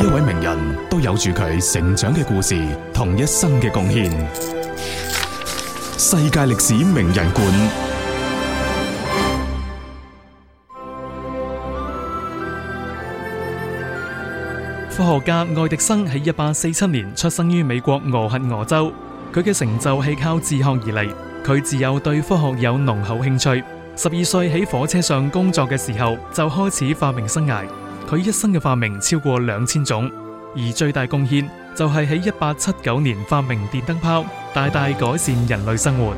一位名人都有住佢成長嘅故事，同一生嘅貢獻。世界歷史名人館，科學家愛迪生喺一八四七年出生於美國俄亥俄州，佢嘅成就係靠自學而嚟。佢自幼對科學有濃厚興趣，十二歲喺火車上工作嘅時候就開始發明生涯。佢一生嘅發明超過兩千種，而最大貢獻就係喺一八七九年發明電燈泡，大大改善人類生活。